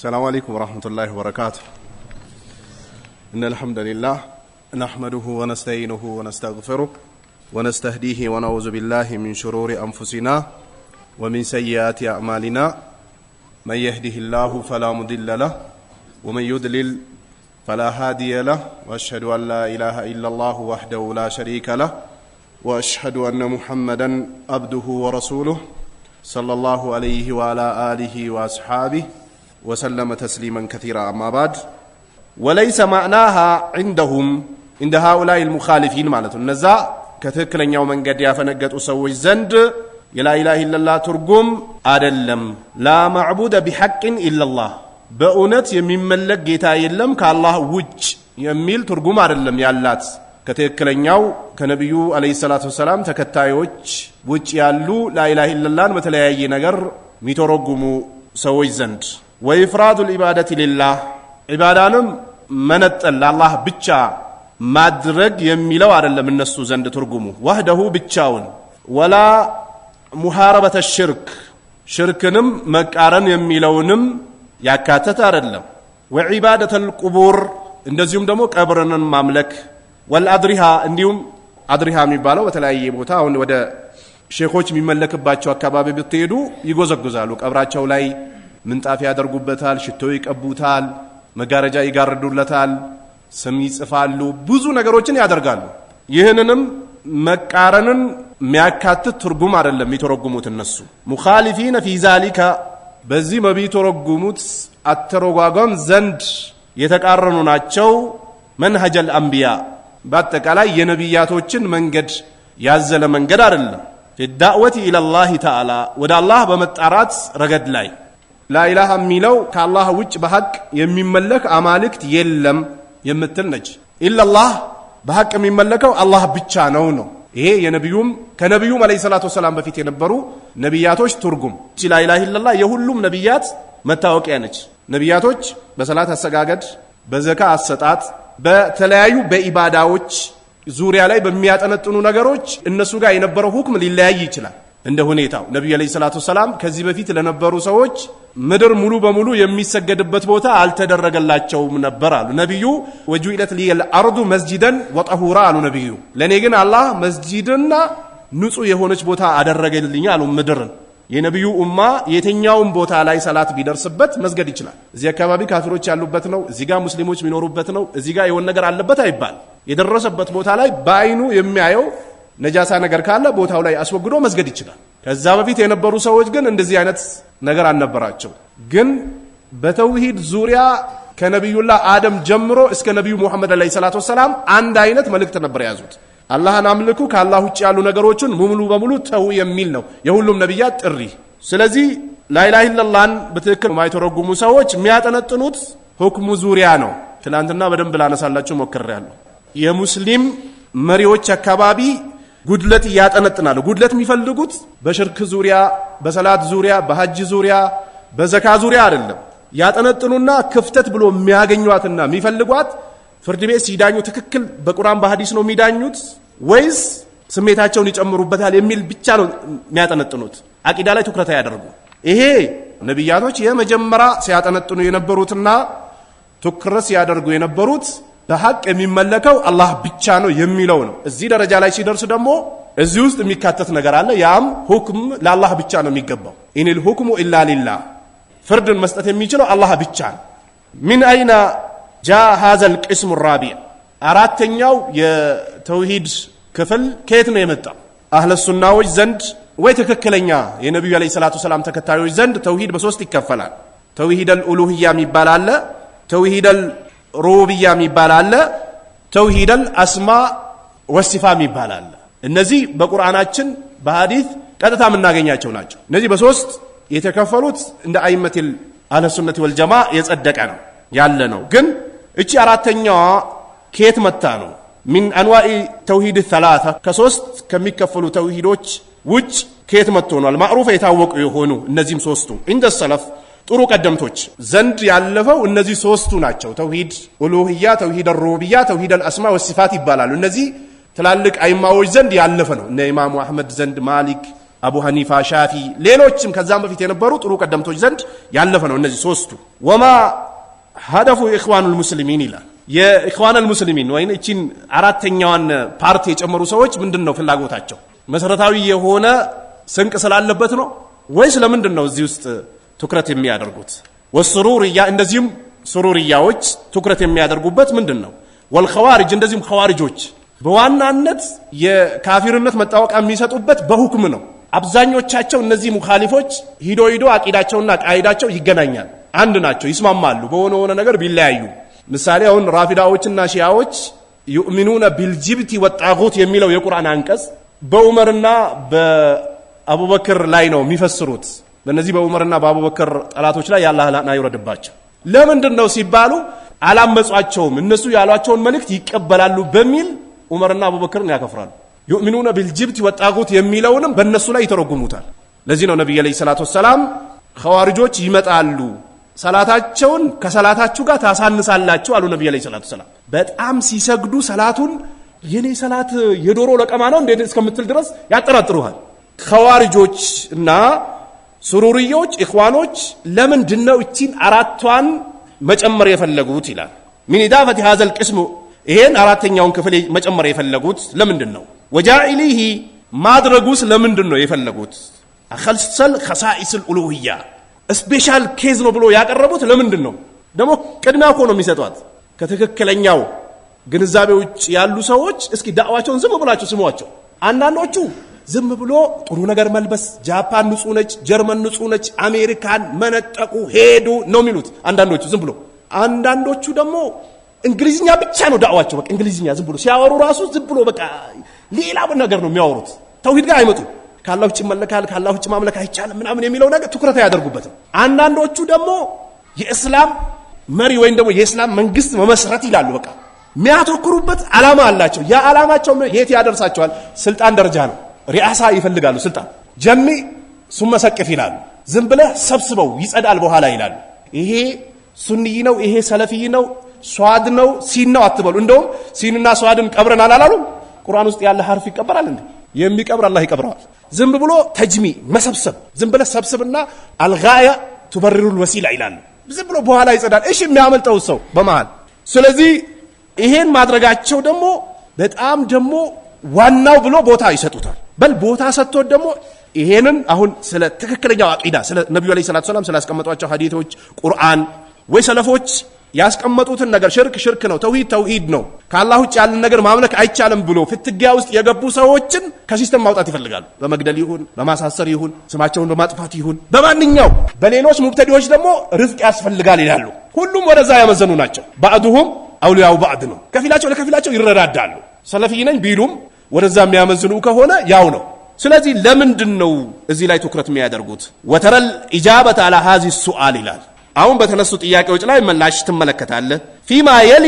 السلام عليكم ورحمة الله وبركاته إن الحمد لله نحمده ونستعينه ونستغفره ونستهديه ونعوذ بالله من شرور أنفسنا ومن سيئات أعمالنا من يهده الله فلا مضل له ومن يضلل فلا هادي له وأشهد أن لا إله إلا الله وحده لا شريك له وأشهد أن محمدا عبده ورسوله صلى الله عليه وعلى آله وأصحابه وسلم تسليما كثيرا أما بعد وليس معناها عندهم عند هؤلاء المخالفين معناته النزاع كتكلن يوم من قد يافنقت أسوي زند የላ ኢላህ ኢለላህ ትርጉም አደለም። ላ ማዕቡደ ቢሐቅን ኢለላህ በእውነት የሚመለክ ጌታ የለም ከአላህ ውጭ የሚል ትርጉም አደለም ያላት። ከትክክለኛው ከነቢዩ ዓለይሂ ሰላቱ ወሰላም ተከታዮች ውጭ ያሉ ላ ኢላህ ኢለላህን በተለያየ ነገር የሚተረጉሙ ሰዎች ዘንድ ወኢፍራዱ ልዒባደቲ ሊላህ ዒባዳንም መነጠል ለአላህ ብቻ ማድረግ የሚለው አይደለም እነሱ ዘንድ ትርጉሙ ዋህደሁ ብቻውን ወላ ሙሃረበተ ሽርክ ሽርክንም መቃረን የሚለውንም ያካተት አይደለም ወዒባደተ ልቁቡር እንደዚሁም ደግሞ ቀብርንን ማምለክ ወልአድሪሃ እንዲሁም አድሪሃ የሚባለው በተለያየ ቦታ አሁን ወደ ሼኮች የሚመለክባቸው አካባቢ ብትሄዱ ይጎዘጉዛሉ ቀብራቸው ላይ ምንጣፍ ያደርጉበታል፣ ሽቶ ይቀቡታል፣ መጋረጃ ይጋርዱለታል፣ ስም ይጽፋሉ፣ ብዙ ነገሮችን ያደርጋሉ። ይህንንም መቃረንን የሚያካትት ትርጉም አይደለም የተረጉሙት እነሱ ሙኻሊፊነ ፊ ዛሊከ በዚህ በሚተረጉሙት አተረጓጓም ዘንድ የተቃረኑ ናቸው። መንሀጀል አንቢያ በአጠቃላይ የነቢያቶችን መንገድ ያዘለ መንገድ አይደለም። ፊ ዳዕወቲ ተዓላ ወደ አላህ በመጣራት ረገድ ላይ ላኢላሃ የሚለው ከአላህ ውጭ በሀቅ የሚመለክ አማልክት የለም የምትል ነች። ኢላላህ በሀቅ የሚመለከው አላህ ብቻ ነው ነው። ይሄ የነቢዩም ከነቢዩም ዓለይሂ ሰላቱ ወሰላም በፊት የነበሩ ነቢያቶች ትርጉም። ላኢላሃ ለላ የሁሉም ነቢያት መታወቂያ ነች። ነቢያቶች በሰላት አሰጋገድ፣ በዘካ አሰጣጥ፣ በተለያዩ በኢባዳዎች ዙሪያ ላይ በሚያጠነጥኑ ነገሮች እነሱ ጋር የነበረው ሁክም ሊለያይ ይችላል። እንደ ሁኔታው ነቢዩ ዓለይሂ ሰላቱ ሰላም ከዚህ በፊት ለነበሩ ሰዎች ምድር ሙሉ በሙሉ የሚሰገድበት ቦታ አልተደረገላቸውም ነበር አሉ ነቢዩ። ወጁኢለት ሊየል አርዱ መስጂደን ወጠሁራ አሉ ነቢዩ። ለእኔ ግን አላህ መስጂድና ንጹህ የሆነች ቦታ አደረገልኝ አሉ ምድርን። የነቢዩ ኡማ የትኛውም ቦታ ላይ ሰላት ቢደርስበት መስገድ ይችላል። እዚህ አካባቢ ካፊሮች ያሉበት ነው፣ እዚህ ጋር ሙስሊሞች የሚኖሩበት ነው፣ እዚህ ጋር የሆነ ነገር አለበት አይባል። የደረሰበት ቦታ ላይ በአይኑ የሚያየው ነጃሳ ነገር ካለ ቦታው ላይ አስወግዶ መስገድ ይችላል። ከዛ በፊት የነበሩ ሰዎች ግን እንደዚህ አይነት ነገር አልነበራቸው። ግን በተውሂድ ዙሪያ ከነቢዩላህ አደም ጀምሮ እስከ ነቢዩ ሙሐመድ ዓለይሂ ሰላቱ ወሰላም አንድ አይነት መልእክት ነበር የያዙት። አላህን አምልኩ፣ ከአላህ ውጭ ያሉ ነገሮችን ሙሉ በሙሉ ተው የሚል ነው የሁሉም ነቢያት ጥሪ። ስለዚህ ላኢላሃ ኢለላህን በትክክል የማይተረጉሙ ሰዎች የሚያጠነጥኑት ሁክሙ ዙሪያ ነው። ትናንትና በደንብ ላነሳላችሁ ሞክሬያለሁ። የሙስሊም መሪዎች አካባቢ ጉድለት ያጠነጥናሉ። ጉድለት የሚፈልጉት በሽርክ ዙሪያ፣ በሰላት ዙሪያ፣ በሐጅ ዙሪያ፣ በዘካ ዙሪያ አይደለም። ያጠነጥኑና ክፍተት ብሎ የሚያገኟትና የሚፈልጓት ፍርድ ቤት ሲዳኙ ትክክል በቁርአን በሐዲስ ነው የሚዳኙት ወይስ ስሜታቸውን ይጨምሩበታል የሚል ብቻ ነው የሚያጠነጥኑት። አቂዳ ላይ ትኩረት ያደርጉ። ይሄ ነቢያቶች የመጀመሪያ ሲያጠነጥኑ የነበሩትና ትኩረት ሲያደርጉ የነበሩት በሀቅ የሚመለከው አላህ ብቻ ነው የሚለው ነው። እዚህ ደረጃ ላይ ሲደርስ ደግሞ እዚህ ውስጥ የሚካተት ነገር አለ። ያም ሁክም ለአላህ ብቻ ነው የሚገባው። ኢኒል ሁክሙ ኢላ ሊላህ፣ ፍርድን መስጠት የሚችለው አላህ ብቻ ነው። ሚን አይና ጃ ሃዘል ቅስሙ ራቢዕ፣ አራተኛው የተውሂድ ክፍል ከየት ነው የመጣው? አህለ ሱናዎች ዘንድ ወይ ትክክለኛ የነቢዩ ዓለይሂ ሰላቱ ሰላም ተከታዮች ዘንድ ተውሂድ በሶስት ይከፈላል። ተውሂደል ኡሉህያ የሚባል አለ። ተውሂደል ሩቡብያ የሚባል አለ። ተውሂደል አስማ ወሲፋ የሚባል አለ። እነዚህ በቁርአናችን በሐዲት ቀጥታ የምናገኛቸው ናቸው። እነዚህ በሶስት የተከፈሉት እንደ አይመቴል አለሱነት ወልጀማ የጸደቀ ነው ያለ ነው። ግን እቺ አራተኛዋ ከየት መታ ነው? ሚን አንዋኢ ተውሂድ ተላታ ከሶስት ከሚከፈሉ ተውሂዶች ውጭ ከየት መጥቶ ሆኗል? ማዕሩፍ የታወቁ የሆኑ እነዚህም ሶስቱ እንደ ሰለፍ ጥሩ ቀደምቶች ዘንድ ያለፈው እነዚህ ሶስቱ ናቸው። ተውሂድ ኡሉህያ፣ ተውሂድ ሩብያ፣ ተውሂድ አልአስማ ወሲፋት ይባላሉ። እነዚህ ትላልቅ አይማዎች ዘንድ ያለፈ ነው። እነ ኢማሙ አህመድ ዘንድ ማሊክ፣ አቡ ሐኒፋ፣ ሻፊ፣ ሌሎችም ከዛም በፊት የነበሩ ጥሩ ቀደምቶች ዘንድ ያለፈ ነው። እነዚህ ሶስቱ ወማ ሀደፉ ኢኽዋኑል ሙስሊሚን ይላል። የኢኽዋኑል ሙስሊሚን ወይም እቺን አራተኛዋን ፓርቲ የጨመሩ ሰዎች ምንድን ነው ፍላጎታቸው? መሰረታዊ የሆነ ስንቅ ስላለበት ነው ወይስ ለምንድን ነው እዚህ ውስጥ ትኩረት የሚያደርጉት ወስሩርያ እንደዚህም ሱሩርያዎች ትኩረት የሚያደርጉበት ምንድን ነው? ወልኸዋርጅ እንደዚሁም ኸዋርጆች በዋናነት የካፊርነት መታወቂያ የሚሰጡበት በሁክም ነው። አብዛኞቻቸው እነዚህ ሙኻሊፎች ሂዶ ሂዶ አቂዳቸውና ቃይዳቸው ይገናኛል። አንድ ናቸው፣ ይስማማሉ። በሆነ ሆነ ነገር ቢለያዩ ምሳሌ አሁን ራፊዳዎችና ሺያዎች ዩእሚኑነ ቢልጅብቲ ወጣጉት የሚለው የቁርአን አንቀጽ በዑመርና በአቡበክር ላይ ነው የሚፈስሩት። በእነዚህ በዑመርና በአቡበከር ጠላቶች ላይ የአላህ ላዕና ይውረድባቸው። ለምንድን ነው ሲባሉ አላመጿቸውም። እነሱ ያሏቸውን መልእክት ይቀበላሉ በሚል ዑመርና አቡበክርን ያከፍራሉ። ዩእሚኑነ ቢልጅብት ወጣጉት የሚለውንም በእነሱ ላይ ይተረጉሙታል። ለዚህ ነው ነቢይ ዓለይሂ ሰላቱ ወሰላም ኸዋሪጆች ይመጣሉ፣ ሰላታቸውን ከሰላታችሁ ጋር ታሳንሳላችሁ አሉ። ነቢይ ዓለይሂ ሰላቱ ወሰላም በጣም ሲሰግዱ ሰላቱን የኔ ሰላት የዶሮ ለቀማ ነው እንዴ እስከምትል ድረስ ያጠራጥሩሃል። ኸዋሪጆች እና ሱሩርዮች ኢኽዋኖች ለምንድን ነው እቺን አራቷን መጨመር የፈለጉት ይላል። ሚን ኢዳፈት ሀዘል ቅስሙ ይሄን አራተኛውን ክፍል መጨመር የፈለጉት ለምንድን ነው? ወጃኢሊሂ ማድረጉስ ለምንድን ነው የፈለጉት? አኸልሰል ከሳኢስል ኡሉህያ ስፔሻል ኬዝ ነው ብሎ ያቀረቡት ለምንድን ነው? ደግሞ ቅድሚያ እኮ ነው የሚሰጧት። ከትክክለኛው ግንዛቤ ውጭ ያሉ ሰዎች እስኪ ዳዕዋቸውን ዝም ብላቸው ስሟቸው። አንዳንዶቹ ዝም ብሎ ጥሩ ነገር መልበስ፣ ጃፓን ንጹህ ነች፣ ጀርመን ንጹህ ነች፣ አሜሪካን መነጠቁ ሄዱ ነው የሚሉት አንዳንዶቹ ዝም ብሎ። አንዳንዶቹ ደግሞ እንግሊዝኛ ብቻ ነው ዳዕዋቸው። በቃ እንግሊዝኛ ዝም ብሎ ሲያወሩ ራሱ ዝም ብሎ በቃ ሌላ ነገር ነው የሚያወሩት። ተውሂድ ጋር አይመጡም። ካላህ ውጭ መለካል ካላህ ውጭ ማምለክ አይቻልም ምናምን የሚለው ነገር ትኩረት አያደርጉበትም። አንዳንዶቹ ደግሞ የእስላም መሪ ወይም ደግሞ የእስላም መንግስት መመስረት ይላሉ። በቃ የሚያተኩሩበት አላማ አላቸው። ያ አላማቸው የት ያደርሳቸዋል? ስልጣን ደረጃ ነው። ሪያሳ ይፈልጋሉ ስልጣን ጀሚ ሱመ ሰቅፍ ይላሉ። ዝም ብለህ ሰብስበው ይጸዳል በኋላ ይላሉ። ይሄ ሱንይ ነው፣ ይሄ ሰለፊይ ነው፣ ሷድ ነው፣ ሲን ነው አትበሉ። እንደውም ሲንና ሷድን ቀብረናል አላሉም? ቁርአን ውስጥ ያለ ሀርፍ ይቀበራል እንዴ? የሚቀብር አላህ ይቀብረዋል። ዝም ብሎ ተጅሚ መሰብሰብ፣ ዝም ብለህ ሰብስብና አልጋያ ቱበሪሩል ወሲላ ይላሉ። ዝም ብሎ በኋላ ይጸዳል። እሺ የሚያመልጠው ሰው በመሃል። ስለዚህ ይሄን ማድረጋቸው ደግሞ በጣም ደግሞ ዋናው ብሎ ቦታ ይሰጡታል። በል ቦታ ሰጥቶት ደግሞ ይሄንን አሁን ስለ ትክክለኛው አቂዳ ስለ ነቢዩ ዐለይሂ ሰላቱ ሰላም ስላስቀመጧቸው ሀዲቶች ቁርአን ወይ ሰለፎች ያስቀመጡትን ነገር ሽርክ ሽርክ ነው፣ ተውሂድ ተውሂድ ነው፣ ከአላህ ውጭ ያለን ነገር ማምለክ አይቻልም ብሎ ፍትጊያ ውስጥ የገቡ ሰዎችን ከሲስተም ማውጣት ይፈልጋሉ። በመግደል ይሁን በማሳሰር ይሁን ስማቸውን በማጥፋት ይሁን በማንኛው በሌሎች ሙብተዲዎች ደግሞ ርዝቅ ያስፈልጋል ይላሉ። ሁሉም ወደዛ ያመዘኑ ናቸው። ባዕዱሁም አውሊያው ባዕድ ነው። ከፊላቸው ለከፊላቸው ይረዳዳሉ። ሰለፊ ነኝ ቢሉም ወደዛ የሚያመዝኑ ከሆነ ያው ነው። ስለዚህ ለምንድን ነው እዚህ ላይ ትኩረት የሚያደርጉት? ወተረል ኢጃበት አላ ሀዚ ሱአል ይላል። አሁን በተነሱ ጥያቄዎች ላይ ምላሽ ትመለከታለህ። ፊማ የሊ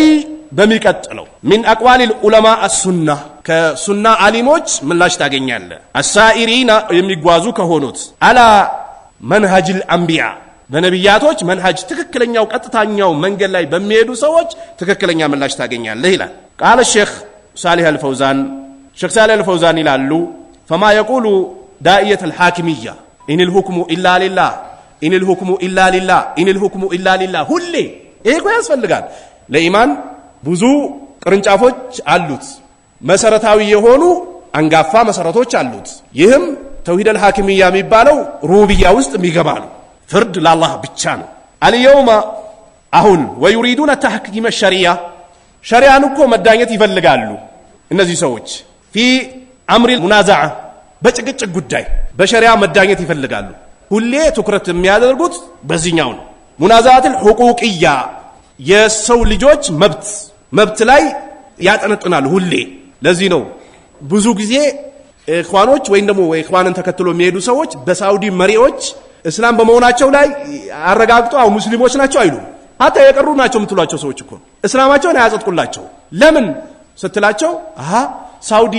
በሚቀጥለው ሚን አቅዋሊል ዑለማ አሱና ከሱና አሊሞች ምላሽ ታገኛለህ። አሳኢሪና የሚጓዙ ከሆኑት አላ መንሃጅል አንቢያ በነቢያቶች መንሃጅ ትክክለኛው ቀጥታኛው መንገድ ላይ በሚሄዱ ሰዎች ትክክለኛ ምላሽ ታገኛለህ ይላል ቃለ ሼክ ሳሊህ አልፈውዛን ሸክ ሳሌ አልፈውዛን ይላሉ ፈማ የቁሉ ዳእየት አልሐኪምያ ኢንልሁክሙ ኢላ ሊላ ኢንልሁክሙ ኢላ ሊላ ኢንልሁክሙ ኢላ ሊላ ሁሌ ይሄ እኮ ያስፈልጋል። ለኢማን ብዙ ቅርንጫፎች አሉት። መሰረታዊ የሆኑ አንጋፋ መሰረቶች አሉት። ይህም ተውሂድ አልሐኪምያ የሚባለው ሩብያ ውስጥ የሚገባ ነው። ፍርድ ለአላህ ብቻ ነው። አልየውማ አሁን ወዩሪዱን ተሐኪመ ሸሪያ ሸሪያን እኮ መዳኘት ይፈልጋሉ እነዚህ ሰዎች ፊ አምሪል ሙናዛዓ በጭቅጭቅ ጉዳይ በሸሪያ መዳኘት ይፈልጋሉ። ሁሌ ትኩረት የሚያደርጉት በዚህኛው ነው። ሙናዛዓትን ሁቁቅያ የሰው ልጆች መብት መብት ላይ ያጠነጥናሉ ሁሌ። ለዚህ ነው ብዙ ጊዜ ኢኽዋኖች ወይም ደግሞ ኢኽዋንን ተከትሎ የሚሄዱ ሰዎች በሳውዲ መሪዎች እስላም በመሆናቸው ላይ አረጋግጦ አሁ ሙስሊሞች ናቸው አይሉ። ሀታ የቀሩ ናቸው የምትሏቸው ሰዎች እኮ እስላማቸውን አያጸጥቁላቸው? ለምን ስትላቸው አሃ ሳውዲ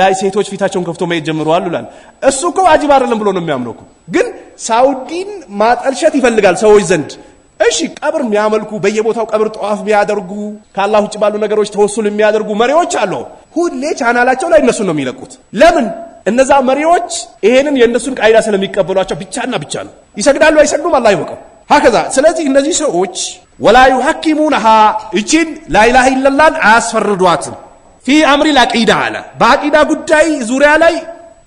ላይ ሴቶች ፊታቸውን ከፍቶ መሄድ ጀምረዋል ይላል። እሱ እኮ አጅብ አይደለም ብሎ ነው የሚያምነው ግን ሳውዲን ማጠልሸት ይፈልጋል ሰዎች ዘንድ። እሺ ቀብር የሚያመልኩ በየቦታው ቀብር ጠዋፍ የሚያደርጉ ከአላህ ውጭ ባሉ ነገሮች ተወሱል የሚያደርጉ መሪዎች አሉ። ሁሌ ቻናላቸው ላይ እነሱ ነው የሚለቁት። ለምን? እነዛ መሪዎች ይሄንን የእነሱን ቃይዳ ስለሚቀበሏቸው ብቻና ብቻ ነው። ይሰግዳሉ አይሰግዱም አላህ ይወቀው። ሀከዛ ስለዚህ እነዚህ ሰዎች ወላ ዩሐኪሙነሃ እቺን ላኢላሃ ኢለላን አያስፈርዷትም። ፊ አምሪ ላቂዳ አለ በአቂዳ ጉዳይ ዙሪያ ላይ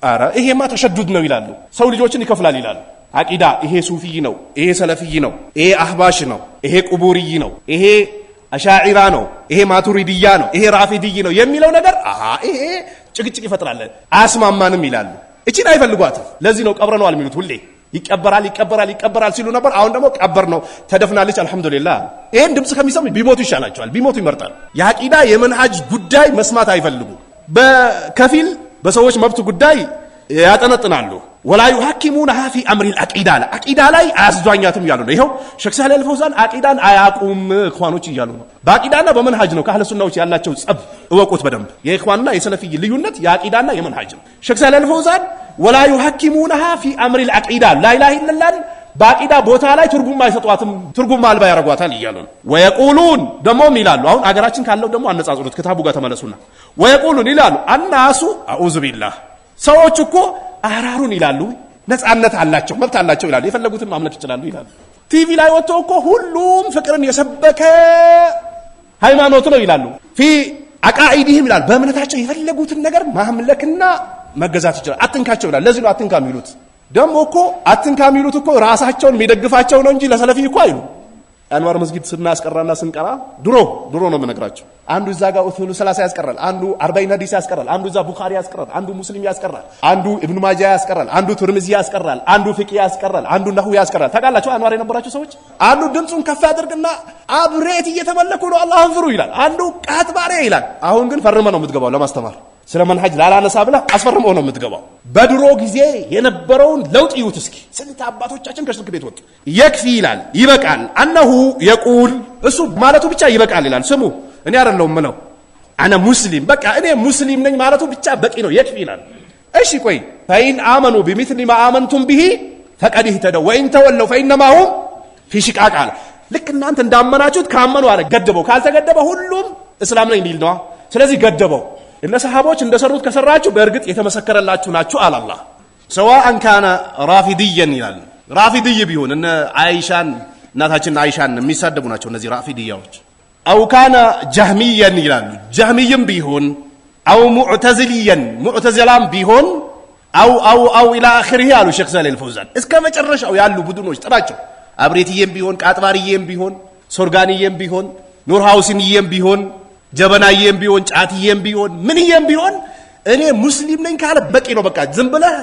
አረ ይሄማ ተሸዱድ ነው ይላሉ። ሰው ልጆችን ይከፍላል ይላሉ። አቂዳ ይሄ ሱፊይ ነው፣ ይሄ ሰለፊይ ነው፣ ይሄ አህባሽ ነው፣ ይሄ ቁቡርይ ነው፣ ይሄ አሻዒራ ነው፣ ይሄ ማቱሪድያ ነው፣ ይሄ ራፊድይ ነው የሚለው ነገር አሃ ይሄ ጭቅጭቅ ይፈጥራል፣ አያስማማንም ይላሉ። እቺን አይፈልጓትም። ለዚህ ነው ቀብረነዋል የሚሉት ሁሌ ይቀበራል ይቀበራል ይቀበራል ሲሉ ነበር። አሁን ደግሞ ቀብር ነው ተደፍናለች። አልሐምዱሊላህ ይህን ድምፅ ከሚሰሙ ቢሞቱ ይሻላቸዋል። ቢሞቱ ይመርጣል። የአቂዳ የመንሃጅ ጉዳይ መስማት አይፈልጉ በከፊል በሰዎች መብት ጉዳይ ያጠነጥናሉ። ወላ ዩሐኪሙና ፊ አምሪል አቂዳ አለ። አቂዳ ላይ አያስዟኛትም እያሉ ነው። ይኸው ሸክ ሳህሊ አልፈውዛን አቂዳን አያቁም እኽዋኖች እያሉ ነው። በአቂዳና በመንሃጅ ነው ከአህለ ሱናዎች ያላቸው ጸብ፣ እወቁት በደንብ የኢኽዋንና የሰለፊይ ልዩነት የአቂዳና የመንሃጅ ነው። ሸክ ሳህሊ አልፈውዛን ወላ ዩሐኪሙና ፊ አምሪል አቂዳ ላኢላሃ ኢለላን በአቂዳ ቦታ ላይ ትርጉም አይሰጧትም፣ ትርጉም አልባ ያደርጓታል እያሉ ነው። ወየቁሉን ደግሞም ይላሉ። አሁን አገራችን ካለው ደግሞ አነጻጽሩት፣ ክታቡ ጋር ተመለሱና ወየቁሉን ይላሉ። አናሱ አዑዙ ቢላህ ሰዎች እኮ አህራሩን ይላሉ። ነፃነት አላቸው፣ መብት አላቸው ይላሉ። የፈለጉትን ማምለክ ይችላሉ ይላሉ። ቲቪ ላይ ወጥቶ እኮ ሁሉም ፍቅርን የሰበከ ሃይማኖት ነው ይላሉ። ፊ አቃኢዲህም ይላሉ። በእምነታቸው የፈለጉትን ነገር ማምለክና መገዛት ይችላል። አትንካቸው ይላል። ለዚህ ነው አትንካ የሚሉት። ደግሞ እኮ አትንካ የሚሉት እኮ ራሳቸውን የሚደግፋቸው ነው እንጂ ለሰለፊ እኮ አይሉ የአንዋር መስጊድ ስናስቀራና ስንቀራ ድሮ ድሮ ነው የምነግራቸው። አንዱ እዛ ጋር ኡሱሉ ሰላሳ ያስቀራል፣ አንዱ አርባይን ሐዲስ ያስቀራል፣ አንዱ እዛ ቡኻሪ ያስቀራል፣ አንዱ ሙስሊም ያስቀራል፣ አንዱ ኢብኑ ማጃ ያስቀራል፣ አንዱ ትርምዚ ያስቀራል፣ አንዱ ፊቅህ ያስቀራል፣ አንዱ ነሁ ያስቀራል። ታውቃላችሁ አንዋር የነበራቸው ሰዎች አንዱ ድምፁን ከፍ ያደርግና አብሬት እየተመለኩ ነው አላህን ፍሩ ይላል፣ አንዱ ቃት ባሪያ ይላል። አሁን ግን ፈርመ ነው የምትገባው ለማስተማር ስለ መንሀጅ ላላነሳ ብለህ አስፈርመው ነው የምትገባው። በድሮ ጊዜ የነበረውን ለውጥ ይዩት እስኪ። ስንት አባቶቻችን ከሽርክ ቤት ወጡ። የክፊ ይላል ይበቃል። አነሁ የቁል እሱ ማለቱ ብቻ ይበቃል ይላል። ስሙ እኔ አይደለሁም ምለው አነ ሙስሊም በቃ እኔ ሙስሊም ነኝ ማለቱ ብቻ በቂ ነው። የክፊ ይላል። እሺ ቆይ ፈኢን አመኑ ቢሚስሊ ማ አመንቱም ብሂ ፈቀድ ይህተደው ወኢን ተወለው ፈኢነማ ሁም ፊ ሽቃቅ አለ። ልክ እናንተ እንዳመናችሁት ካመኑ አለ ገደበው። ካልተገደበ ሁሉም እስላም ነኝ ሊል ነዋ። ስለዚህ ገደበው። እነ ሰሃቦች እንደሰሩት ከሰራችሁ በእርግጥ የተመሰከረላችሁ ናችሁ አላላ ሰዋ አንካነ ራፊድየን ይላል። ራፊድይ ቢሆን እነ አይሻን እናታችን አይሻን የሚሳደቡ ናቸው እነዚህ ራፊድያዎች። አው ካነ ጃህሚየን ይላሉ። ጃህሚይም ቢሆን አው ሙዕተዝልየን ሙዕተዝላም ቢሆን አው አው አው ኢላ አኺሪህ አሉ ሼክ ዘሌል ፈውዛን። እስከ መጨረሻው ያሉ ቡድኖች ጥራቸው። አብሬትዬም ቢሆን ቃጥባርዬም ቢሆን ሶርጋንዬም ቢሆን ኑርሃውሲንዬም ቢሆን ጀበናዬም ቢሆን ጫትዬም ቢሆን ምንዬም ቢሆን እኔ ሙስሊም ነኝ ካለ በቂ ነው። በቃ ዝም ብለህ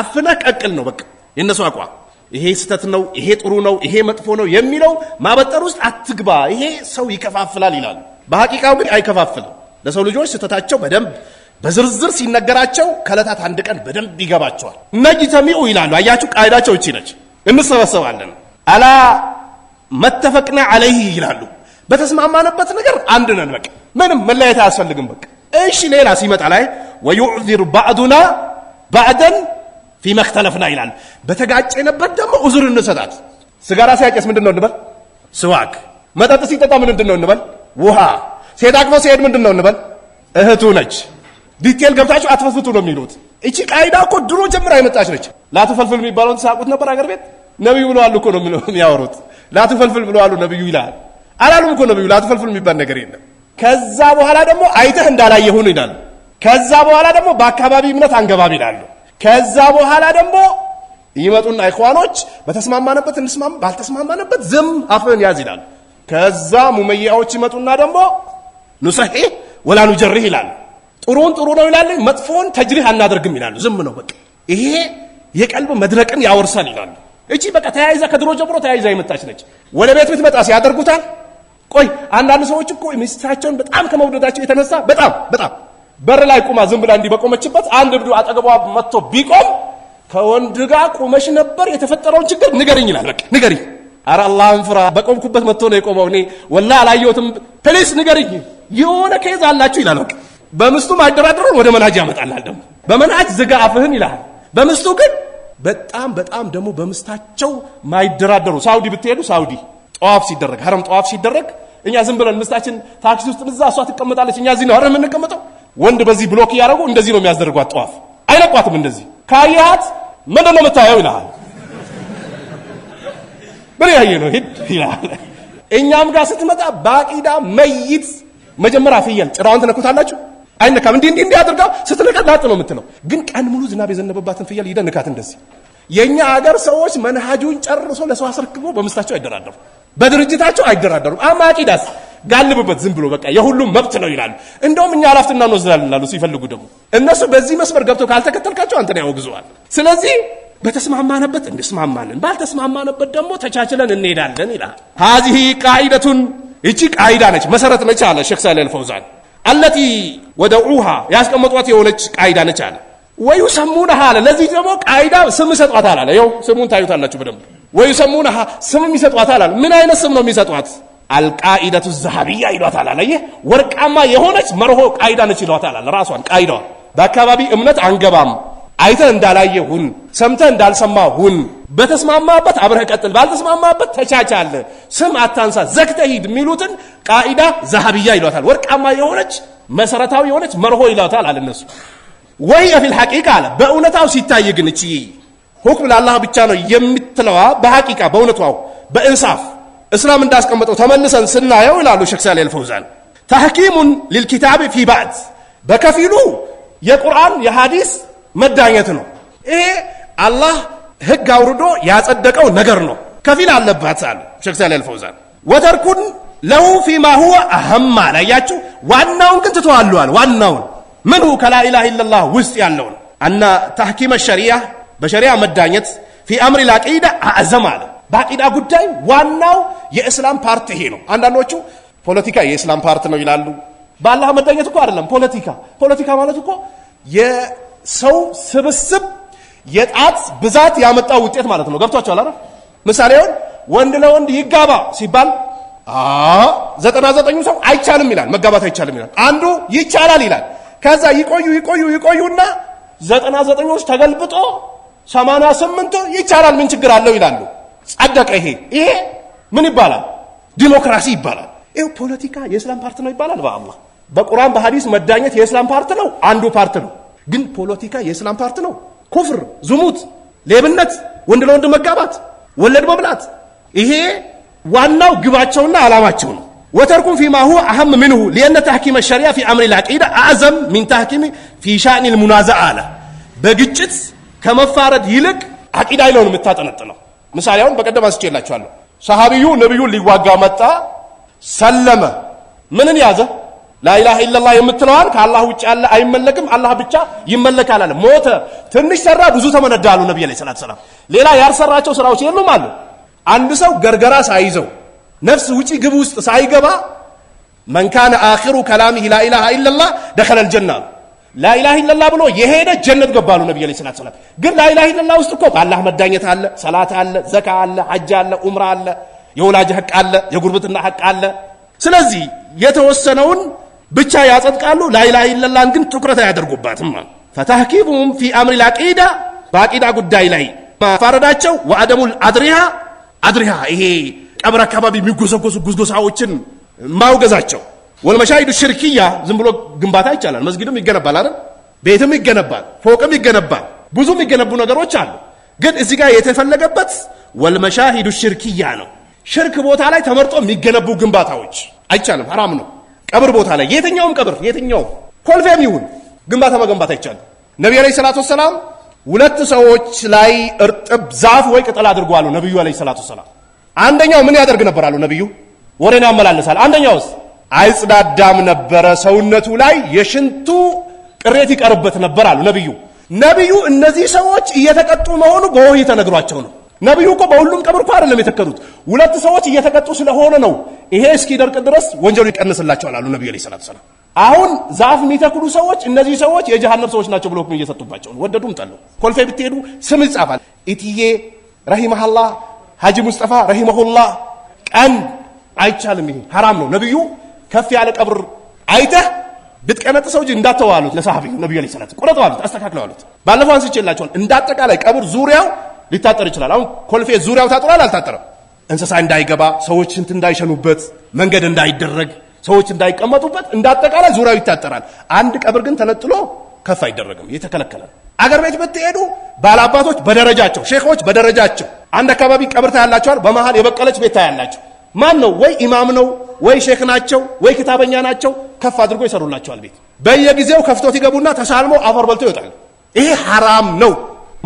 አፍነህ ቀቅል ነው በቃ የእነሱ አቋም። ይሄ ስህተት ነው፣ ይሄ ጥሩ ነው፣ ይሄ መጥፎ ነው የሚለው ማበጠር ውስጥ አትግባ። ይሄ ሰው ይከፋፍላል ይላሉ። በሐቂቃው ግን አይከፋፍልም። ለሰው ልጆች ስህተታቸው በደንብ በዝርዝር ሲነገራቸው ከዕለታት አንድ ቀን በደንብ ይገባቸዋል። ነጅተሚዑ ይላሉ። አያችሁ ቃይዳቸው እቺ ነች። እንሰበሰባለን አላ መተፈቅና አለይህ ይላሉ። በተስማማንበት ነገር አንድ ነን በቃ ምንም መለያየት አያስፈልግም። በቃ እሺ፣ ሌላ ሲመጣ ላይ ወዩዕዚሩ ባዕዱና ባዕደን ፊመ እክተለፍና ይላል። ነበር ደግሞ ኡዙር እንሰጣት። ስጋራ ሲያጨስ ምንድን ነው እንበል? ስዋክ። መጠጥ ሲጠጣ ምንድን ነው እንበል? ውሃ። ሴት አቅፎ ሲሄድ ምንድን ነው እንበል? እህቱ ነች። ዲቴል ገብታችሁ አትፈትፍቱ ነው የሚሉት። እቺ ቃይዳ እኮ ድሮ ጀምራ የመጣች ነች። ላትፈልፍል የሚባለውን ተሳቁት ነበር አገር ቤት ነቢዩ ብለዋል እኮ ነው የሚያወሩት። ላትፈልፍል ብለዋሉ ነቢዩ ይላል። አላሉም እኮ ነቢዩ ላትፈልፍል የሚባል ነገር የለም። ከዛ በኋላ ደግሞ አይተህ ሁኑ ይላሉ። ከዛ በኋላ ደግሞ በአካባቢ እምነት አንገባብ ይላሉ። ከዛ በኋላ ደግሞ ይመጡና ኢኽዋኖች በተስማማነበት እንስማም፣ ባልተስማማነበት ዝም አፍህን ያዝ ይላሉ። ከዛ ሙመያዎች ይመጡና ደግሞ ኑሰሒህ ወላ ኑጀሪህ ይላሉ። ጥሩን ጥሩ ነው ይላሉ፣ መጥፎን ተጅሪህ አናደርግም ይላሉ። ዝም ነው በቃ ይሄ የቀልብ መድረቅን ያወርሳል ይላሉ። እቺ በቃ ተያይዛ ከድሮ ጀምሮ ተያይዛ የመጣች ነች። ወደ ቤት ብትመጣ ቆይ አንዳንድ ሰዎች እኮ ሚስታቸውን በጣም ከመውደዳቸው የተነሳ በጣም በጣም በር ላይ ቁማ ዝም ብላ እንዲህ በቆመችበት አንድ እብዱ አጠገቧ መጥቶ ቢቆም ከወንድ ጋር ቁመሽ ነበር የተፈጠረውን ችግር ንገርኝ ይላል። በቃ ንገርኝ። አረ አላህን ፍራ። በቆምኩበት መጥቶ ነው የቆመው። እኔ ወላ አላየሁትም። ፕሊስ ንገርኝ። የሆነ ከዛ አላችሁ ይላል። በቃ በምስቱም አደራድረን ወደ መናጅ ያመጣላል። ደግሞ በመናጅ ዝጋ አፍህን ይላል። በምስቱ ግን በጣም በጣም ደግሞ በምስታቸው ማይደራደሩ ሳውዲ ብትሄዱ ሳውዲ ጠዋፍ ሲደረግ ሀረም ጠዋፍ ሲደረግ እኛ ዝም ብለን ምስታችን ታክሲ ውስጥ ብዛ እሷ ትቀመጣለች፣ እኛ እዚህ ነው አረ የምንቀመጠው። ወንድ በዚህ ብሎክ እያደረጉ እንደዚህ ነው የሚያስደርጓት። ጠዋፍ አይለቋትም። እንደዚህ ካያት ምንድን ነው የምታየው ይልሃል። ምን ያየ ነው ሂድ ይልሃል። እኛም ጋር ስትመጣ ባቂዳ መይት መጀመሪያ ፍየል ጭራዋን ትነኩታላችሁ። አይነካም። እንዲህ እንዲህ አድርጋው ስትነቀት ላጥ ነው የምትለው። ግን ቀን ሙሉ ዝናብ የዘነበባትን ፍየል ይደንካት እንደዚህ። የእኛ አገር ሰዎች መንሃጁን ጨርሶ ለሰው አስረክቦ በምስታቸው አይደራደሩ። በድርጅታቸው አይደራደሩም። አማቂዳስ ጋልብበት ዝም ብሎ በቃ የሁሉም መብት ነው ይላሉ። እንደውም እኛ ኃላፊነት እንወስዳለን ይላሉ። ሲፈልጉ ደግሞ እነሱ በዚህ መስመር ገብተው ካልተከተልካቸው አንተን ያወግዘዋል። ስለዚህ በተስማማነበት እንስማማለን፣ ባልተስማማነበት ደግሞ ተቻችለን እንሄዳለን ይላል። ሀዚህ ቃኢደቱን እቺ ቃይዳ ነች፣ መሰረት ነች አለ ሼክ ሳሊህ ፈውዛን አለቲ ወደ ዑሃ ያስቀመጧት የሆነች ቃይዳ ነች አለ። ወዩ ሰሙና አለ። ለዚህ ደግሞ ቃይዳ ስም ሰጧት አለ። ይኸው ስሙን ታዩታላችሁ በደንብ ወይ ስምም ይሰጧታል አለ። ምን አይነት ስም ነው የሚሰጧት? አልቃኢደቱ ዘሃቢያ ይሏታል አለ። ወርቃማ የሆነች መርሆ ቃይዳ ነች ይሏታል አለ። ራሷን ቃይዳዋ በአካባቢ እምነት አንገባም፣ አይተህ እንዳላየ ሁን፣ ሰምተህ እንዳልሰማ ሁን፣ በተስማማበት አብረህ ቀጥል፣ ባልተስማማበት ተቻቻል፣ ስም አታንሳ፣ ዘግተህ ሂድ የሚሉትን ቃኢዳ ዘሃቢያ ይሏታል። ወርቃማ የሆነች መሰረታዊ የሆነች መርሆ ይሏታል አለ። እነሱ ወይ ፊል ሐቂቃ አለ። በእውነታው ሲታይ ግን እቺ ሁክም ለአላህ ብቻ ነው የምትለዋ በሐቂቃ በእውነቷ በእንሳፍ እስላም እንዳስቀመጠው ተመልሰን ስናየው ይላሉ ሸክ ሳሊህ አልፈውዛን ተሕኪሙን ሊልኪታብ ፊ ባዕድ በከፊሉ የቁርአን የሐዲስ መዳኘት ነው። ይሄ አላህ ህግ አውርዶ ያጸደቀው ነገር ነው። ከፊል አለባት አሉ ሸክ ሳሊህ አልፈውዛን ወተርኩን ለው ፊማ ሁወ አህማ ላያችሁ ዋናውን ግን ትተዋለዋል። ዋናውን ምንሁ ከላኢላህ ኢለላህ ውስጥ ያለውን አና ተሕኪመ ሸሪያ በሸሪያ መዳኘት ፊ አምሪ ላቂዳ አዕዘም አለ። በአቂዳ ጉዳይ ዋናው የእስላም ፓርቲ ይሄ ነው። አንዳንዶቹ ፖለቲካ የእስላም ፓርት ነው ይላሉ። በአላህ መዳኘት እኮ አይደለም ፖለቲካ። ፖለቲካ ማለት እኮ የሰው ስብስብ የጣት ብዛት ያመጣው ውጤት ማለት ነው። ገብቷቸዋል አይደል? ምሳሌውን ወንድ ለወንድ ይጋባ ሲባል ዘጠና ዘጠኙ ሰው አይቻልም ይላል፣ መጋባት አይቻልም ይላል። አንዱ ይቻላል ይላል። ከዛ ይቆዩ ይቆዩ ይቆዩና ዘጠና ዘጠኞች ተገልብጦ ሰማንያ ስምንት ይቻላል ምን ችግር አለው ይላሉ። ጸደቀ። ይሄ ይሄ ምን ይባላል? ዲሞክራሲ ይባላል። ይኸው ፖለቲካ የእስላም ፓርት ነው ይባላል። በአላህ በቁርአን በሐዲስ መዳኘት የእስላም ፓርት ነው፣ አንዱ ፓርት ነው። ግን ፖለቲካ የእስላም ፓርት ነው። ኩፍር፣ ዝሙት፣ ሌብነት፣ ወንድ ለወንድ መጋባት፣ ወለድ መብላት፣ ይሄ ዋናው ግባቸውና አላማቸው ነው። ወተርኩም ፊማ ሁወ አሀም ምንሁ ሊአነ ተሕኪመ ሸሪዓ ፊ አምሪ ልዓቂዳ አዕዘም ሚን ተሕኪም ፊ ሻእኒ ልሙናዘአ አለ በግጭት ከመፋረድ ይልቅ አቂዳ ይለውን የምታጠነጥነው። ምሳሌ አሁን በቀደም አንስቼላችኋለሁ። ሰሃቢዩ ነቢዩን ሊዋጋ መጣ፣ ሰለመ። ምንን ያዘ? ላኢላሃ ኢለላህ የምትለዋን ከአላህ ውጭ ያለ አይመለክም፣ አላህ ብቻ ይመለካል አለ። ሞተ። ትንሽ ሰራ፣ ብዙ ተመነዳ አሉ ነቢ ዐለይሂ ሰላቱ ሰላም። ሌላ ያልሰራቸው ስራዎች የሉም አሉ። አንድ ሰው ገርገራ ሳይዘው ነፍስ ውጪ ግብ ውስጥ ሳይገባ መንካነ አኺሩ ከላሚ ላኢላሃ ኢለላህ ደኸለል ጀና አሉ። ላኢላህ ኢለላ ብሎ የሄደ ጀነት ገባሉ። ነብዩ አለይሂ ሰላቱ ሰላም ግን ላኢላህ ኢለላ ውስጥ እኮ በአላህ መዳኘት አለ፣ ሰላት አለ፣ ዘካ አለ፣ ሐጅ አለ፣ ኡምራ አለ፣ የወላጅ ሐቅ አለ፣ የጉርብትና ሐቅ አለ። ስለዚህ የተወሰነውን ብቻ ያጸድቃሉ። ላኢላህ ኢለላን ግን ትኩረት አያደርጉባትም። ፈታህኪቡም ፊ አምሪል አቂዳ በአቂዳ ጉዳይ ላይ ማፋረዳቸው ወአደሙል አድሪሃ አድሪሃ ይሄ ቀብር አካባቢ የሚጎሰጎሱ ጉዝጎሳዎችን ማውገዛቸው ወልመሻሂዱ ሽርክያ ዝም ብሎ ግንባታ ይቻላል። መስጊድም ይገነባል አይደል? ቤትም ይገነባል፣ ፎቅም ይገነባል። ብዙ የሚገነቡ ነገሮች አሉ። ግን እዚህ ጋር የተፈለገበት ወልመሻሂዱ ሽርክያ ነው። ሽርክ ቦታ ላይ ተመርጦ የሚገነቡ ግንባታዎች አይቻልም፣ ሐራም ነው። ቀብር ቦታ ላይ የትኛውም ቀብር የትኛውም ኮልፌም ይሁን ግንባታ መገንባት አይቻልም። ነቢዩ ዓለይሂ ሰላቱ ወሰላም ሁለት ሰዎች ላይ እርጥብ ዛፍ ወይ ቅጠል አድርጓሉ። ነቢዩ ዓለይሂ ሰላቱ ወሰላም አንደኛው ምን ያደርግ ነበር አሉ ነቢዩ? ወሬን ያመላልሳል። አንደኛውስ አይጽዳዳም ነበረ፣ ሰውነቱ ላይ የሽንቱ ቅሬት ይቀርበት ነበር አሉ ነቢዩ። ነቢዩ እነዚህ ሰዎች እየተቀጡ መሆኑ በወህይ ተነግሯቸው ነው። ነቢዩ እኮ በሁሉም ቀብር እኮ አይደለም የተከዱት። ሁለት ሰዎች እየተቀጡ ስለሆነ ነው ይሄ እስኪደርቅ ድረስ ወንጀሉ ይቀንስላቸዋል አሉ ነቢዩ ዐለይሂ ሰላቱ ሰላም። አሁን ዛፍ የሚተክሉ ሰዎች እነዚህ ሰዎች የጀሃነም ሰዎች ናቸው ብሎ ሁክም እየሰጡባቸው ነው። ወደዱም ጠሉ። ኮልፌ ብትሄዱ ስም ይጻፋል። እትዬ ረሂመሃላህ፣ ሀጂ ሙስጠፋ ረሂመሁላህ። ቀን አይቻልም፣ ይሄ ሐራም ነው ነቢዩ ከፍ ያለ ቀብር አይተህ ብትቀመጥ ሰው እንጂ እንዳተው አሉት ለሰሐቢው ነብዩ አለይሂ ሰላቱ ቁረጠው አሉት፣ አስተካክለው አሉት። ባለፈው አንስቼላችኋል። እንዳጠቃላይ ቀብር ዙሪያው ሊታጠር ይችላል። አሁን ኮልፌ ዙሪያው ታጥሯል፣ አልታጠረም። እንስሳ እንዳይገባ፣ ሰዎች ሽንት እንዳይሸኑበት፣ መንገድ እንዳይደረግ፣ ሰዎች እንዳይቀመጡበት፣ እንዳጠቃላይ ዙሪያው ይታጠራል። አንድ ቀብር ግን ተነጥሎ ከፍ አይደረግም፣ የተከለከለ ነው። አገር ቤት ብትሄዱ ባላባቶች በደረጃቸው ሼኾች በደረጃቸው አንድ አካባቢ ቀብር ታያላቸዋል። በመሀል የበቀለች ቤት ታያላቸው። ማን ነው? ወይ ኢማም ነው፣ ወይ ሼክ ናቸው፣ ወይ ክታበኛ ናቸው። ከፍ አድርጎ ይሰሩላቸዋል። ቤት በየጊዜው ከፍቶት ይገቡና ተሳልሞ አፈር በልቶ ይወጣል። ይሄ ሐራም ነው።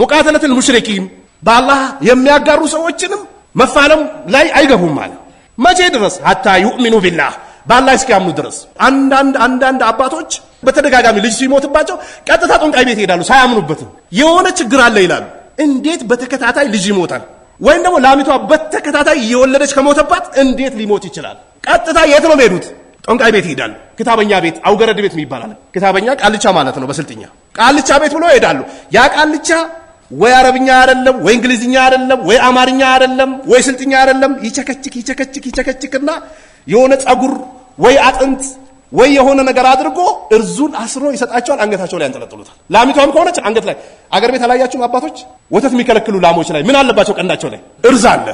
ሙቃተለትል ሙሽሪኪን በአላህ የሚያጋሩ ሰዎችንም መፋለም ላይ አይገቡም ማለት መቼ ድረስ ሀታ ዩእሚኑ ቢላህ በአላህ እስኪያምኑ ድረስ። አንዳንድ አንዳንድ አባቶች በተደጋጋሚ ልጅ ሲሞትባቸው ቀጥታ ጦንቃይ ቤት ይሄዳሉ፣ ሳያምኑበትም የሆነ ችግር አለ ይላሉ። እንዴት በተከታታይ ልጅ ይሞታል? ወይም ደግሞ ላሚቷ በተከታታይ እየወለደች ከሞተባት እንዴት ሊሞት ይችላል? ቀጥታ የት ነው የሚሄዱት? ጠንቋይ ቤት ይሄዳሉ። ክታበኛ ቤት፣ አውገረድ ቤት የሚባላል። ክታበኛ ቃልቻ ማለት ነው በስልጥኛ ቃልቻ ቤት ብሎ ይሄዳሉ። ያ ቃልቻ ወይ አረብኛ አይደለም፣ ወይ እንግሊዝኛ አይደለም፣ ወይ አማርኛ አይደለም፣ ወይ ስልጥኛ አይደለም። ይቸከችክ ይቸከችክ ይቸከችክና የሆነ ጸጉር ወይ አጥንት ወይ የሆነ ነገር አድርጎ እርዙን አስሮ ይሰጣቸዋል። አንገታቸው ላይ ያንጠለጥሉታል። ላሚቷም ከሆነች አንገት ላይ አገር ቤት አላያችሁም? አባቶች ወተት የሚከለክሉ ላሞች ላይ ምን አለባቸው? ቀንዳቸው ላይ እርዝ አለ።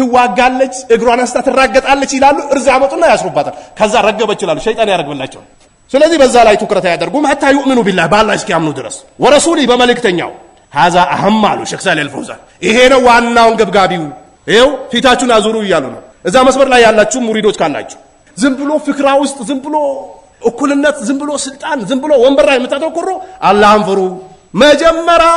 ትዋጋለች፣ እግሯን አንስታ ትራገጣለች ይላሉ። እርዝ ያመጡና ያስሩባታል። ከዛ ረገበች ይላሉ። ሸይጣን ያረግብላቸዋል። ስለዚህ በዛ ላይ ትኩረት አያደርጉም። ሀታ ዩእምኑ ቢላህ በአላህ እስኪያምኑ ድረስ ወረሱሊ በመልእክተኛው ሀዛ አህም አሉ ሼክ ሳሊህ አልፈውዛን። ይሄ ነው ዋናውን ገብጋቢው። ይኸው ፊታችሁን አዙሩ እያሉ ነው። እዛ መስመር ላይ ያላችሁ ሙሪዶች ካላችሁ ዝም ብሎ ፍክራ ውስጥ ዝም ብሎ እኩልነት፣ ዝም ብሎ ስልጣን፣ ዝም ብሎ ወንበር ላይ የምታተኩሩ አላህን መጀመሪያ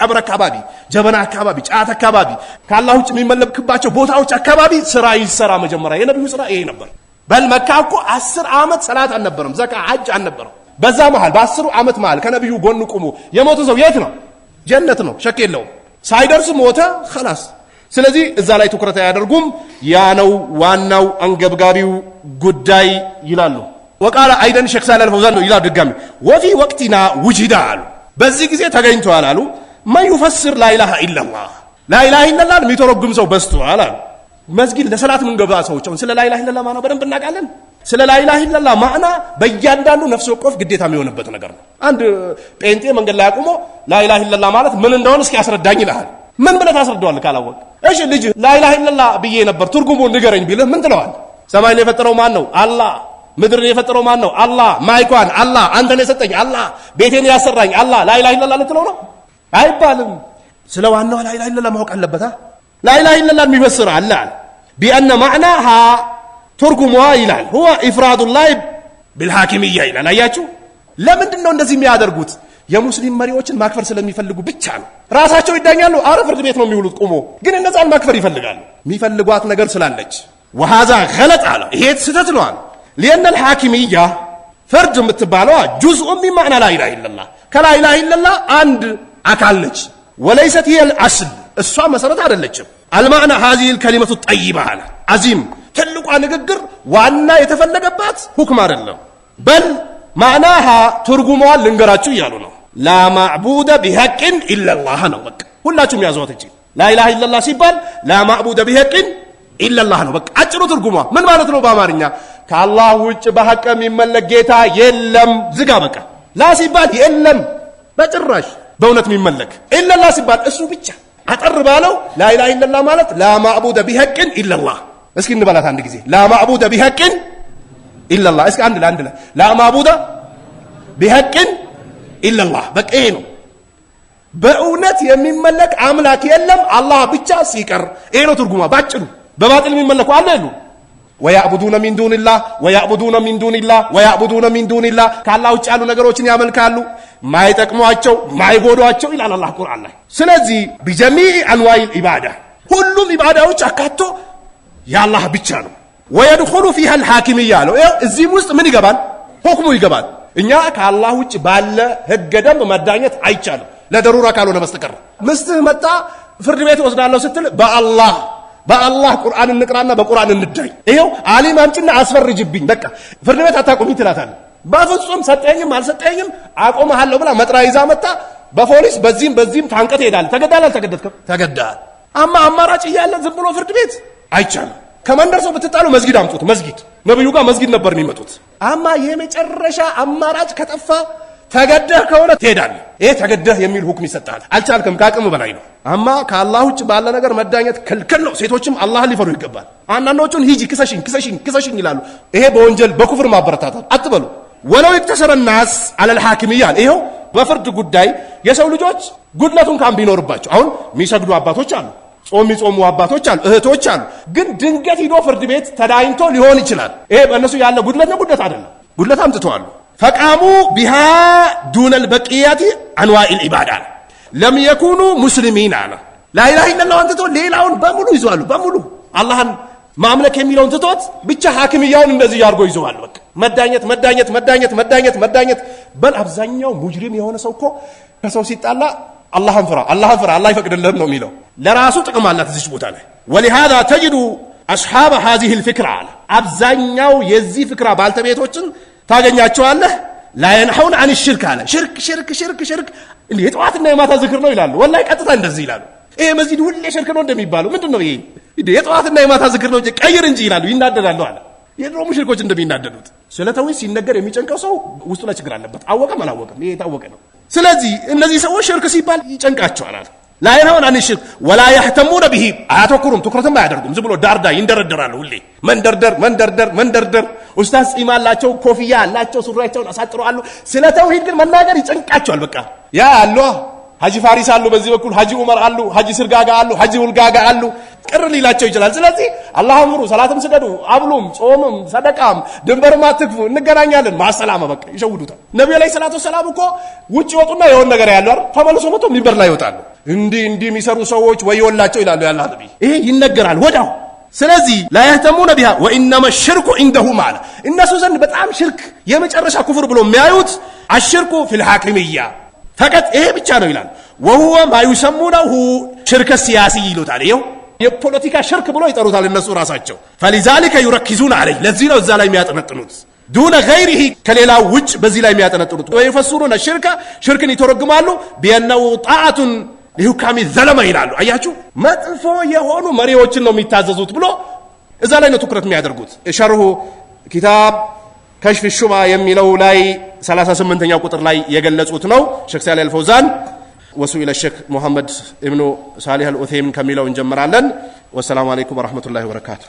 ቀብር አካባቢ፣ ጀበና አካባቢ፣ ጫት አካባቢ፣ ከአላህ ውጭ የሚመለክባቸው ቦታዎች አካባቢ ስራ ይሰራ መጀመሪያ። የነቢዩ ስራ ይሄ ነበር። በል መካ እኮ አስር ዓመት ሰላት አልነበረም፣ ዘካ ሐጅ አልነበረም። በዛ መሃል በአስሩ ዓመት መሃል ከነቢዩ ጎን ቁሙ የሞተ ሰው የት ነው? ጀነት ነው፣ ሸክ የለውም። ሳይደርስ ሞተ ኸላስ ስለዚህ እዛ ላይ ትኩረት አያደርጉም። ያ ነው ዋናው አንገብጋቢው ጉዳይ ይላሉ። ወቃለ አይደን ሼክ ሳላል ፈውዛን ነው ይላሉ። ድጋሚ ወፊ ወቅቲና ውጅዳ አሉ፣ በዚህ ጊዜ ተገኝተዋል አሉ። ማን ዩፈስር ላኢላሃ ኢለላህ ላኢላሃ ኢለላህ የሚተረጉም ሰው በዝቷል አሉ። መስጊድ ለሰላት የምንገባ ሰዎች አሁን ስለ ላኢላሃ ኢለላህ ማና በደንብ እናውቃለን። ስለ ላኢላሃ ኢለላህ ማዕና በእያንዳንዱ ነፍስ ወቆፍ ግዴታ የሚሆንበት ነገር ነው። አንድ ጴንጤ መንገድ ላይ አቁሞ ላኢላሃ ኢለላህ ማለት ምን እንደሆነ እስኪ አስረዳኝ ይልሃል። ምን ብለህ ታስረዳዋለህ ካላወቅ እሺ ልጅ ላይላህ ኢላላ ብዬ ነበር ትርጉሙ ንገረኝ ቢልህ ምን ትለዋል? ሰማይን የፈጠረው ማን ነው? አላህ። ምድርን የፈጠረው ማን ነው? አላህ። ማይኳን አላህ። አንተን የሰጠኝ አላህ። ቤቴን ያሰራኝ አላህ። ላይላህ ኢላላ ልትለው ነው? አይባልም። ስለ ዋናዋ ላይላህ ኢላላ ማወቅ አለበታ። ላይላህ ኢላላ የሚበስር አለ ቢአነ ማዕናሃ ትርጉሟ ይላል ሁዋ ኢፍራዱላህ ቢልሐኪምያ ይላል። አያችሁ ለምንድን ነው እንደዚህ የሚያደርጉት? የሙስሊም መሪዎችን ማክበር ስለሚፈልጉ ብቻ ነው። ራሳቸው ይዳኛሉ። አረ ፍርድ ቤት ነው የሚውሉት ቁሞ፣ ግን እነዛን ማክፈር ይፈልጋሉ። የሚፈልጓት ነገር ስላለች ወሃዛ ገለጥ አለ። ይሄ ስህተት ነዋል። ሊየነል ሐኪምያ ፍርድ የምትባለዋ ጁዝኡን ሚማዕና ላኢላሃ ኢለላህ ከላኢላሃ ኢለላህ አንድ አካል ነች። ወለይሰት ሂየል አስል እሷ መሰረት አይደለችም። አልማዕና ሀዚሂል ከሊመቱ ጠይባ አለ አዚም ትልቋ ንግግር ዋና የተፈለገባት ሁክም አይደለም። በል ማዕናሃ ትርጉሟን ልንገራችሁ እያሉ ነው። ላማዕቡደ ማዕቡደ ቢሐቅን ኢለላህ ነው። በቃ ሁላችሁም ያዘዋት እንጂ ላኢላሃ ኢለላህ ሲባል ላ ማዕቡደ ቢሐቅን ኢለላህ ነው። በቃ አጭሩ ትርጉሟ ምን ማለት ነው? በአማርኛ ከአላህ ውጭ በሐቅ የሚመለክ ጌታ የለም። ዝጋ። በቃ ላ ሲባል የለም በጭራሽ በእውነት የሚመለክ ኢለላህ ሲባል እሱ ብቻ። አጠር ባለው ላኢላሃ ኢለላህ ማለት ላ ቢሐቅን ኢለላህ። እስኪ እንበላት አንድ ጊዜ ላ ቢሐቅን ኢለላህ። እስኪ አንድ ለአንድ ላ ማዕቡደ ቢሐቅን ኢለላህ በቃ ይሄ ነው። በእውነት የሚመለክ አምላክ የለም አላህ ብቻ ሲቀር፣ ይሄ ነው ትርጉማ ባጭሩ። በባጢል የሚመለኩ አለ የሉ ወያዕቡዱነ ሚን ዱንላህ ወያዕቡዱነ ሚን ዱንላህ ወያዕቡዱነ ሚን ዱንላህ ከአላህ ውጭ ያሉ ነገሮችን ያመልካሉ፣ ማይጠቅሟቸው ማይጎዷቸው ይላል አላህ ቁርአን ላይ። ስለዚህ ቢጀሚዕ አንዋይል ኢባዳ ሁሉም ኢባዳዎች አካቶ የአላህ ብቻ ነው። ወየድኹሉ ፊሃ አልሐኪምያ አለው። እዚህም ውስጥ ምን ይገባል? ሁክሙ ይገባል። እኛ ከአላህ ውጭ ባለ ህገ ደንብ መዳኘት አይቻልም፣ ለደሩራ ካልሆነ በስተቀር ምስትህ መጣ ፍርድ ቤት ወስዳለሁ ስትል በአላህ በአላህ ቁርአን እንቅራና በቁርአን እንዳይ ይኸው አሊም አምጪና አስፈርጅብኝ፣ በቃ ፍርድ ቤት አታቆሚ ትላታለ በፍጹም ሰጠኝም አልሰጠኝም አቆምሃለሁ ብላ መጥራ ይዛ መጣ። በፖሊስ በዚህም በዚህም ታንቀ ትሄዳለህ። ተገዳል፣ አልተገደድክም፣ ተገዳል። አማ አማራጭ እያለ ዝም ብሎ ፍርድ ቤት አይቻልም። ከመንደር ሰው ብትጣሉ መዝጊድ አምጡት። መስጊድ ነብዩ ጋር መስጊድ ነበር የሚመጡት። አማ የመጨረሻ አማራጭ ከጠፋ ተገደህ ከሆነ ትሄዳለህ። ይሄ ተገደህ የሚል ሁክም ይሰጣል። አልቻልክም፣ ከአቅም በላይ ነው። አማ ከአላህ ውጭ ባለ ነገር መዳኘት ክልክል ነው። ሴቶችም አላህን ሊፈሩ ይገባል። አንዳንዶቹን ሂጂ ክሰሽኝ፣ ክሰሽኝ፣ ክሰሽኝ ይላሉ። ይሄ በወንጀል በኩፍር ማበረታታት አትበሉ። ወለው ይቅተሰረ ናስ አለል ሐኪም እያል ይኸው በፍርድ ጉዳይ የሰው ልጆች ጉድለቱን ካም ቢኖርባቸው አሁን የሚሰግዱ አባቶች አሉ ጾም የሚጾሙ አባቶች አሉ፣ እህቶች አሉ። ግን ድንገት ሂዶ ፍርድ ቤት ተዳኝቶ ሊሆን ይችላል። ይሄ በእነሱ ያለ ጉድለት ነው፣ ጉድለት አይደለም። ጉድለት አምጥተዋሉ። ፈቃሙ ቢሃ ዱነል በቅያቲ አንዋኢል ኢባዳ ለም የኩኑ ሙስሊሚን አለ ላይላህ ኢላላህ አንትቶ ሌላውን በሙሉ ይዘዋሉ። በሙሉ አላህን ማምለክ የሚለውን ትቶት ብቻ ሐኪምያውን እንደዚህ ያርጎ ይዘዋሉ። በቃ መዳኘት መዳኘት መዳኘት መዳኘት መዳኘት በል አብዛኛው ሙጅሪም የሆነ ሰው እኮ ከሰው ሲጣላ አላህን ፍራ፣ አላህን ፍራ፣ አላህ ይፈቅድልህም ነው የሚለው። ለራሱ ጥቅም አላት እዚች ቦታ ላይ ወሊሃዛ ተጅዱ አስሓበ ሃዚህ ልፍክራ አለ አብዛኛው የዚህ ፍክራ ባልተቤቶችን ታገኛቸዋለህ። ላየንሐውን አን ሽርክ አለ ሽርክ ሽርክ ሽርክ ሽርክ የጠዋትና የማታ ዝክር ነው ይላሉ። ወላሂ ቀጥታ እንደዚህ ይላሉ። ይሄ መዚድ ሁሌ ሽርክ ነው እንደሚባለው ምንድን ነው ይሄ የጠዋትና የማታ ዝክር ነው ቀይር እንጂ ይላሉ። ይናደዳሉ አለ የድሮ ሙሽሪኮች እንደሚናደዱት ስለ ተውሂድ ሲነገር የሚጨንቀው ሰው ውስጡ ላይ ችግር አለበት። አወቀም አላወቀም ይሄ የታወቀ ነው። ስለዚህ እነዚህ ሰዎች ሽርክ ሲባል ይጨንቃቸዋል። አለ ላይነውን አን ወላ ያህተሙነ ብሂ አያተኩሩም፣ ትኩረትም አያደርጉም። ዝም ብሎ ዳርዳ ይንደረደራሉ። ሁሌ መንደርደር መንደርደር መንደርደር። ኡስታዝ ጺም አላቸው፣ ኮፍያ አላቸው፣ ሱሪያቸውን አሳጥረዋሉ። ስለ ተውሂድ ግን መናገር ይጨንቃቸዋል። በቃ ያ አሏ ሀጂ ፋሪስ አሉ፣ በዚህ በኩል ሀጂ ዑመር አሉ፣ ሀጂ ስርጋጋ አሉ፣ ሀጂ ውልጋጋ አሉ። ቅር ሊላቸው ይችላል። ስለዚህ አላህም ፍሩ፣ ሰላትም ስገዱ፣ አብሉም፣ ጾምም፣ ሰደቃም፣ ድንበርም አትክፉ፣ እንገናኛለን። ማሰላማ በቃ ይሸውዱታል። ነቢዩ ላይ ሰላቱ ሰላም እኮ ውጭ ይወጡና የሆን ነገር ያለው አይደል ተመልሶ መጥቶ ሚንበር ላይ ይወጣሉ። እንዲህ እንዲህ የሚሰሩ ሰዎች ወዮላቸው ይላሉ ያላህ ነቢ። ይሄ ይነገራል ወዳው ስለዚህ ላያህተሙነ ቢሃ ወኢነማ ሽርኩ ዒንደሁም አለ እነሱ ዘንድ በጣም ሽርክ የመጨረሻ ኩፍር ብሎ የሚያዩት አሽርኩ ፊልሐኪምያ ፈቀጥ ይሄ ብቻ ነው ይላል። ወሁወ ማዩሰሙ ነው ሲያሲ ይሉታል። ይኸው የፖለቲካ ሽርክ ብሎ ይጠሩታል እነሱ ራሳቸው። ፈሊዛሊከ ዩረኪዙን አለይ ለዚህ ነው እዛ ላይ የሚያጠነጥኑት ዱነ ገይሪሂ ከሌላው ውጭ በዚህ ላይ የሚያጠነጥኑት ወይፈሱሩነ ሽርከ ሽርክን ይተረግማሉ ቢየነው ጣዓቱን ሊሁካሚ ዘለመ ይላሉ። አያችሁ መጥፎ የሆኑ መሪዎችን ነው የሚታዘዙት ብሎ እዛ ላይ ነው ትኩረት የሚያደርጉት ሸርሁ ኪታብ ከሽፍ ሹባ የሚለው ላይ 38ኛው ቁጥር ላይ የገለጹት ነው። ሼክ ሳሊህ አልፈውዛን ወሱ ኢለ ሼክ ሙሐመድ ኢብኑ ሳሊህ አልኡቴይሚን ከሚለው እንጀምራለን። ወሰላሙ አለይኩም ወረሕመቱላሂ ወበረካቱ።